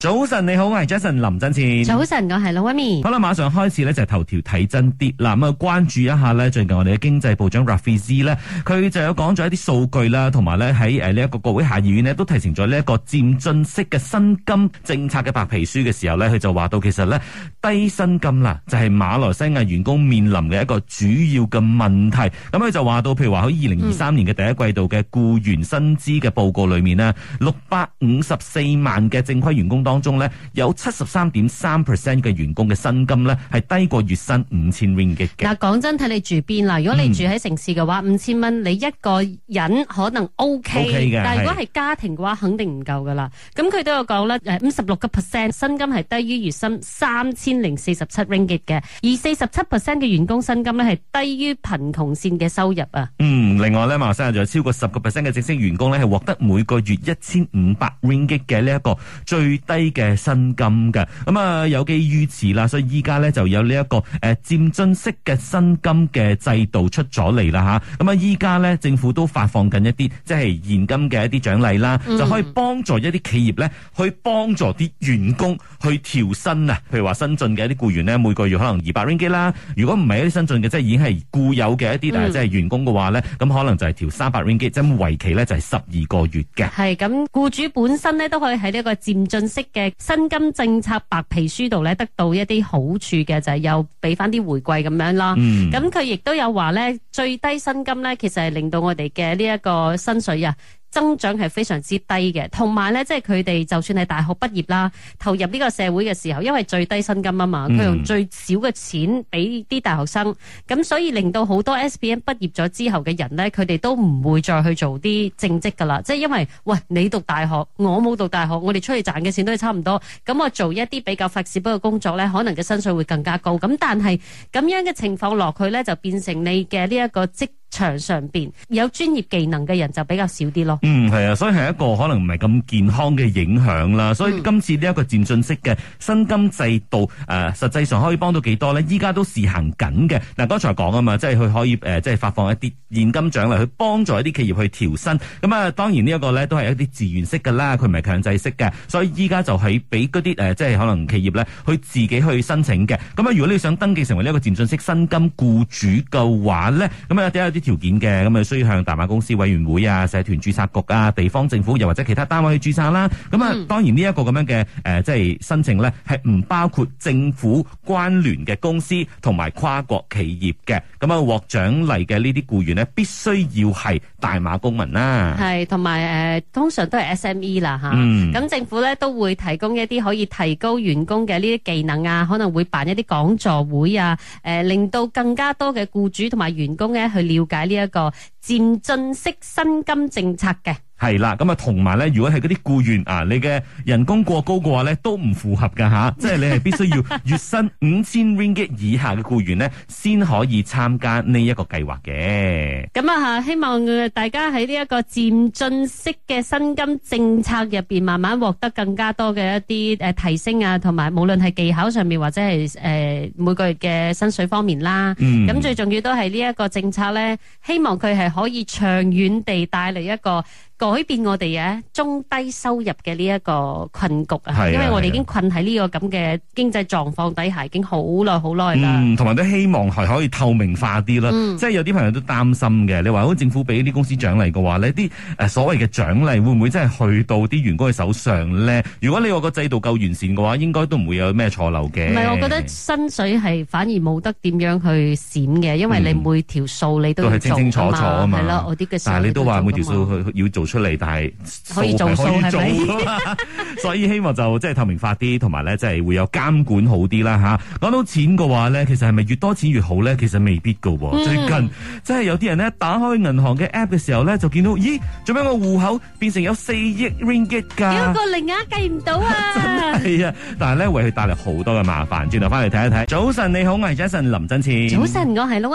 早晨，你好，我係 Jason 林振前。早晨，我係老 ummy。好啦，馬上開始呢，就係、是、頭條睇真啲嗱，咁啊、嗯，關注一下呢，最近我哋嘅經濟部長 Rafizi 呢佢就有講咗一啲數據啦，同埋呢喺誒呢一、呃這個國會下議院呢，都提呈咗呢一個漸進式嘅薪金政策嘅白皮書嘅時候呢，佢就話到其實呢，低薪金啦就係、是、馬來西亞員工面臨嘅一個主要嘅問題。咁佢就話到，譬、嗯、如話喺二零二三年嘅第一季度嘅僱員薪資嘅報告裏面呢，六百五十四萬嘅正規員工。當中咧有七十三點三 percent 嘅員工嘅薪金咧係低過月薪五千 ringgit 嘅。嗱，講真睇你住邊啦。如果你住喺城市嘅話，五千蚊你一個人可能 OK，OK 嘅，但係如果係家庭嘅話，肯定唔夠噶啦。咁佢都有講咧，誒五十六個 percent 薪金係低於月薪三千零四十七 ringgit 嘅，而四十七 percent 嘅員工薪金咧係低於貧窮線嘅收入啊。嗯，另外咧，馬來西亞仲有超過十個 percent 嘅正式員工咧係獲得每個月一千五百 ringgit 嘅呢一個最低嘅薪金嘅，咁啊有基於此啦，所以依家咧就有呢、這、一個誒漸進式嘅薪金嘅制度出咗嚟啦吓，咁啊依家咧政府都發放緊一啲即係現金嘅一啲獎勵啦，嗯、就可以幫助一啲企業咧去幫助啲員工去調薪啊，譬如話新進嘅一啲僱員咧每個月可能二百 ringgit 啦，如果唔係一啲新進嘅，即係已經係固有嘅一啲，但係、嗯、即係員工嘅話咧，咁可能就係調三百 ringgit 即為期咧就係十二個月嘅。係咁，僱主本身咧都可以喺呢一個漸進式。嘅薪金政策白皮書度咧得到一啲好處嘅就係、是嗯、有俾翻啲回饋咁樣啦，咁佢亦都有話咧最低薪金咧其實係令到我哋嘅呢一個薪水啊。增長係非常之低嘅，同埋呢，即係佢哋就算係大學畢業啦，投入呢個社會嘅時候，因為最低薪金啊嘛，佢用最少嘅錢俾啲大學生，咁、嗯、所以令到好多 SPM 畢業咗之後嘅人呢，佢哋都唔會再去做啲正職㗎啦。即係因為，喂，你讀大學，我冇讀大學，我哋出去賺嘅錢都係差唔多，咁我做一啲比較發事本嘅工作呢，可能嘅薪水會更加高。咁但係咁樣嘅情況落去呢，就變成你嘅呢一個職場上邊有專業技能嘅人就比較少啲咯。嗯，係啊，所以係一個可能唔係咁健康嘅影響啦。所以今次呢一個漸進式嘅薪金制度，誒、呃，實際上可以幫到幾多呢？依家都試行緊嘅。嗱、啊，剛才講啊嘛，即係佢可以誒、呃，即係發放一啲現金獎勵，去幫助一啲企業去調薪。咁啊，當然呢一個呢都係一啲自願式噶啦，佢唔係強制式嘅。所以依家就係俾嗰啲誒，即係可能企業呢，佢自己去申請嘅。咁啊，如果你想登記成為呢一個漸進式薪金僱主嘅話呢。咁、嗯、啊，有啲條件嘅。咁啊，需要向大馬公司委員會啊、社團注冊局啊、地方政府又或者其他單位去註冊啦。咁啊、嗯，當然呢一個咁樣嘅誒，即係申請咧，係唔包括政府關聯嘅公司同埋跨國企業嘅。咁啊，獲獎勵嘅呢啲雇員咧，必須要係大馬公民啦。係同埋誒，通常都係 SME 啦，吓、嗯。咁政府咧都會提供一啲可以提高員工嘅呢啲技能啊，可能會辦一啲講座會啊，誒、呃，令到更加多嘅雇主同埋員工咧去了解呢一個漸進式薪金政策嘅。係啦，咁啊，同埋咧，如果係嗰啲僱員啊，你嘅人工過高嘅話咧，都唔符合噶吓。啊、 即係你係必須要月薪五千 ringgit 以下嘅僱員呢，先可以參加呢一個計劃嘅。咁啊，希望大家喺呢一個漸進式嘅薪金政策入邊，慢慢獲得更加多嘅一啲誒提升啊，同埋無論係技巧上面或者係誒每個月嘅薪水方面啦，咁、嗯、最重要都係呢一個政策咧，希望佢係可以長遠地帶嚟一個。改變我哋嘅中低收入嘅呢一個困局啊，因為我哋已經困喺呢個咁嘅經濟狀況底下，已經好耐好耐啦。嗯，同埋都希望係可以透明化啲啦，即係有啲朋友都擔心嘅。你話如果政府俾啲公司獎勵嘅話咧，啲誒所謂嘅獎勵會唔會真係去到啲員工嘅手上咧？如果你話個制度夠完善嘅話，應該都唔會有咩錯漏嘅。唔係，我覺得薪水係反而冇得點樣去閃嘅，因為你每條數你都係清清楚楚啊嘛。係咯，我啲嘅但係你都話每條數去要做。出嚟，但係可以做，可以做，是不是 所以希望就即係、就是、透明化啲，同埋咧即係會有監管好啲啦吓。講、啊、到錢嘅話咧，其實係咪越多錢越好咧？其實未必噶、啊。嗯、最近即係有啲人咧打開銀行嘅 app 嘅時候咧，就見到咦，做咩個戶口變成有四億 ringgit 噶？有個零啊計唔到啊！係啊，啊，但係咧為佢帶來好多嘅麻煩。轉頭翻嚟睇一睇，早晨你好，我係 Jason 林振詞。早晨，我係 Melody。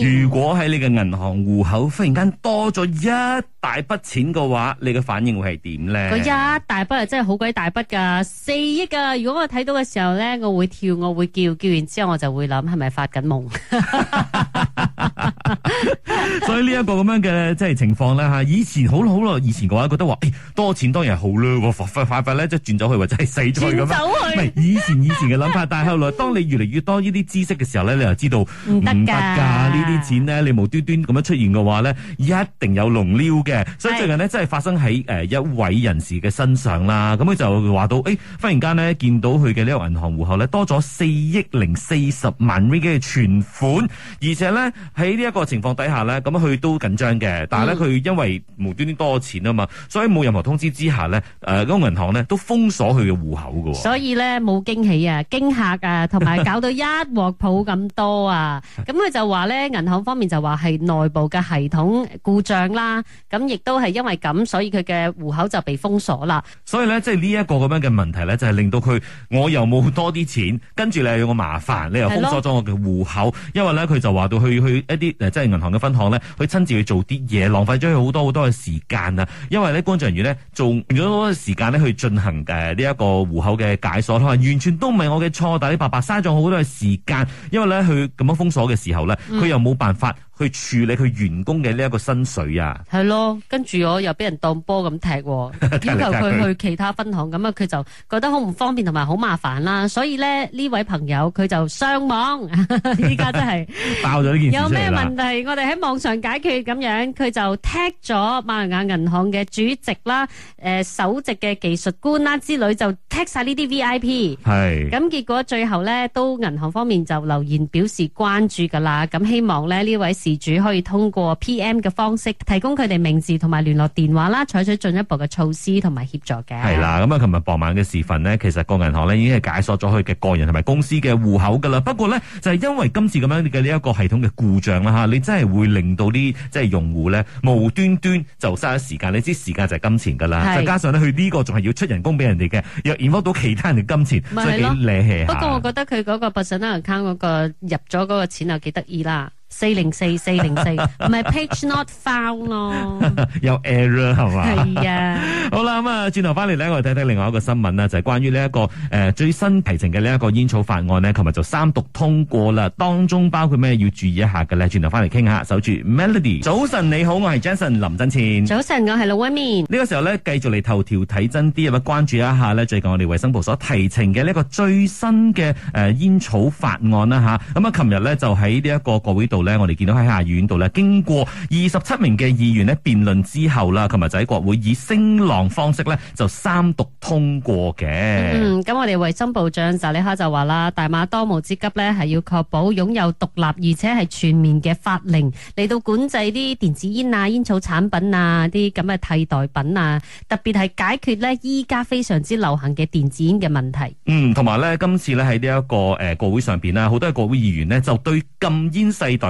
Ok、如果喺你嘅銀行戶口忽然間多咗一大筆錢的嘅話，你嘅反應會係點咧？佢一大筆係真係好鬼大筆㗎，四億㗎、啊。如果我睇到嘅時候咧，我會跳，我會叫，叫完之後我就會諗係咪發緊夢。 所以呢一個咁樣嘅即係情況咧吓，以前好好咯，以前嘅話覺得話，誒、欸、多錢當然係好啦，快快快咧即係轉走去，或者係死咗咁啊！唔係以前以前嘅諗法，但係 後來當你越嚟越多呢啲知識嘅時候咧，你又知道唔得噶呢啲錢咧，你無端端咁樣出現嘅話咧，一定有龍溜嘅。所以最近呢，是真係發生喺誒、呃、一位人士嘅身上啦。咁佢就話到，誒、欸、忽然間咧見到佢嘅呢個銀行戶口咧多咗四億零四十萬嘅存款，而且咧喺呢一個情況底下呢，咁佢都緊張嘅，但係呢，佢因為無端端多錢啊嘛，嗯、所以冇任何通知之下呢，誒嗰個銀行呢都封鎖佢嘅戶口嘅喎。所以呢，冇驚喜啊，驚嚇啊，同埋搞到一鑊鋪咁多啊！咁佢 就話呢，銀行方面就話係內部嘅系統故障啦。咁亦都係因為咁，所以佢嘅戶口就被封鎖啦。所以呢，即係呢一個咁樣嘅問題呢，就係、是、令到佢我又冇多啲錢，跟住你又要我麻煩，你又封鎖咗我嘅戶口，咯因為呢，佢就話到去去啲即係銀行嘅分行咧，佢親自去做啲嘢，浪費咗佢好多好多嘅時間啊！因為咧，工作人員咧，做用咗好多嘅時間咧去進行誒呢一個戶口嘅解鎖，完全都唔係我嘅錯，但係你白白嘥咗好多嘅時間，因為咧佢咁樣封鎖嘅時候咧，佢又冇辦法。去處理佢員工嘅呢一個薪水啊，係咯，跟住我又俾人當波咁踢，要求佢去其他分行，咁啊佢就覺得好唔方便同埋好麻煩啦，所以咧呢位朋友佢就上網，依家真係爆咗呢件，有咩問題？我哋喺網上解決咁樣，佢就踢咗馬來亞銀行嘅主席啦、誒首席嘅技術官啦之類就。take 曬呢啲 V I P，係咁結果最後咧都銀行方面就留言表示關注噶啦，咁希望咧呢位事主可以通過 P M 嘅方式提供佢哋名字同埋聯絡電話啦，採取進一步嘅措施同埋協助嘅。係啦，咁啊，琴日傍晚嘅時份咧，其實個銀行咧已經係解鎖咗佢嘅個人同埋公司嘅戶口噶啦，不過咧就係因為今次咁樣嘅呢一個系統嘅故障啦吓，你真係會令到啲即係用戶咧無端端就嘥咗時間，你知時間就係金錢噶啦，再加上咧佢呢個仲係要出人工俾人哋嘅。染波到其他人嘅金錢，所以幾厲害下。不過，我覺得佢嗰個百信銀行嗰個入咗嗰個錢又幾得意啦。四零四四零四，唔係 page not found 咯，有 error 係嘛？係啊，好啦，咁啊，轉頭翻嚟咧，我哋睇睇另外一個新聞啦，就係關於呢一個誒最新提呈嘅呢一個煙草法案咧，琴日就三讀通過啦。當中包括咩要注意一下嘅咧？轉頭翻嚟傾下，守住 Melody。早晨你好，我係 Jason 林振前。早晨，我係老威面。呢個時候咧，繼續嚟頭條睇真啲，入去關注一下咧，最近我哋衛生部所提呈嘅呢個最新嘅誒煙草法案啦吓。咁啊，琴日咧就喺呢一個國會度。咧，我哋見到喺下院度咧，經過二十七名嘅議員咧辯論之後啦，同埋就喺國會以聲浪方式就三讀通過嘅。嗯，咁我哋衛生部長扎麗哈就話啦，大馬當務之急咧係要確保擁有獨立而且係全面嘅法令嚟到管制啲電子煙啊、煙草產品啊、啲咁嘅替代品啊，特別係解決呢依家非常之流行嘅電子煙嘅問題。嗯，同埋呢，今次咧喺呢一個誒國會上邊咧，好多的國會議員就對禁煙世代。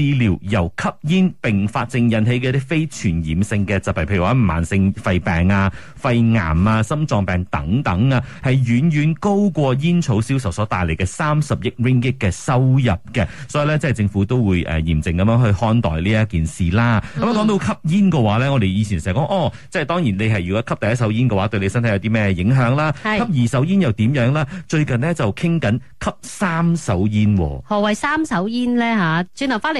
治療由吸煙併發症引起嘅啲非傳染性嘅疾病，譬如話慢性肺病啊、肺癌啊、心臟病等等啊，係遠遠高過煙草銷售所帶嚟嘅三十億 ringgit 嘅收入嘅，所以咧即係政府都會誒、呃、嚴正咁樣去看待呢一件事啦。咁講、嗯、到吸煙嘅話咧，我哋以前成日講，哦，即係當然你係如果吸第一手煙嘅話，對你身體有啲咩影響啦？是吸二手煙又點樣啦？最近呢，就傾緊吸三手煙。何為三手煙咧？吓、啊、轉頭翻嚟。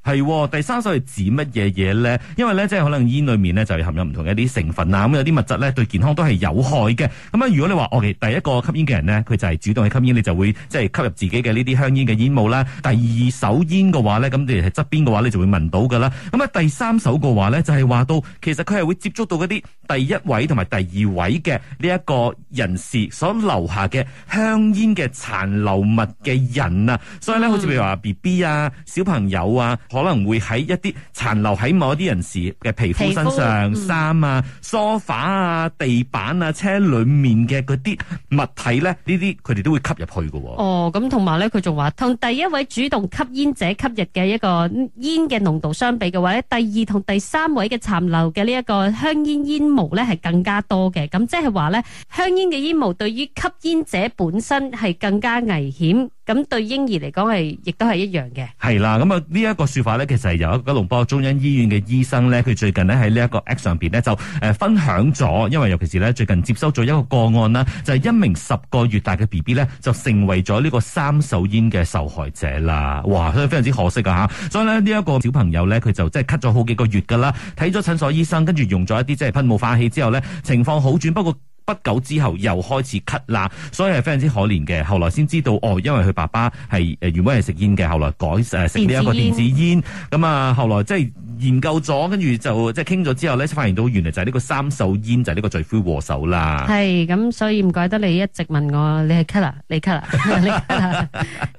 係，第三手係指乜嘢嘢咧？因為咧，即係可能煙裏面咧就含有唔同嘅一啲成分啊，咁有啲物質咧對健康都係有害嘅。咁啊，如果你話，OK，第一個吸煙嘅人咧，佢就係主動去吸煙，你就會即係吸入自己嘅呢啲香煙嘅煙霧啦。第二手煙嘅話咧，咁你係側邊嘅話你就會聞到噶啦。咁啊，第三手嘅話咧，就係、是、話到其實佢係會接觸到嗰啲第一位同埋第二位嘅呢一個人士所留下嘅香煙嘅殘留物嘅人啊。所以咧，好似譬如話 B B 啊，小朋友啊。可能會喺一啲殘留喺某一啲人士嘅皮膚身上、嗯、衫啊、梳化啊、地板啊、車裏面嘅嗰啲物體咧，呢啲佢哋都會吸入去喎。哦，咁同埋咧，佢仲話同第一位主動吸煙者吸入嘅一個煙嘅濃度相比嘅話咧，第二同第三位嘅殘留嘅呢一個香煙煙霧咧，係更加多嘅。咁即係話咧，香煙嘅煙霧對於吸煙者本身係更加危險。咁對嬰兒嚟講係，亦都係一樣嘅。係啦，咁啊呢一個說法咧，其實係由一個九龍坡中央醫院嘅醫生咧，佢最近咧喺呢一個 app 上邊咧就誒分享咗，因為尤其是咧最近接收咗一個個案啦，就係、是、一名十個月大嘅 B B 咧就成為咗呢個三手煙嘅受害者啦。哇，所以非常之可惜㗎。吓！所以咧呢一個小朋友咧，佢就即係咳咗好幾個月噶啦，睇咗診所醫生，跟住用咗一啲即係噴霧化器之後咧，情況好轉，不過。不久之後又開始咳啦，所以係非常之可憐嘅。後來先知道哦，因爲佢爸爸係誒、呃、原本係食煙嘅，後來改誒食呢一個電子煙。咁啊，後來即係研究咗，跟住就即係傾咗之後咧，發現到原嚟就係呢個三手煙就係、是、呢個罪魁禍首啦。係咁，所以唔怪得你一直問我，你係 Kala，你 Kala， 你 Kala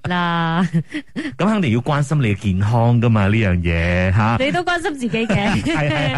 啦，咁肯定要關心你嘅健康噶嘛，呢樣嘢吓。你都關心自己嘅。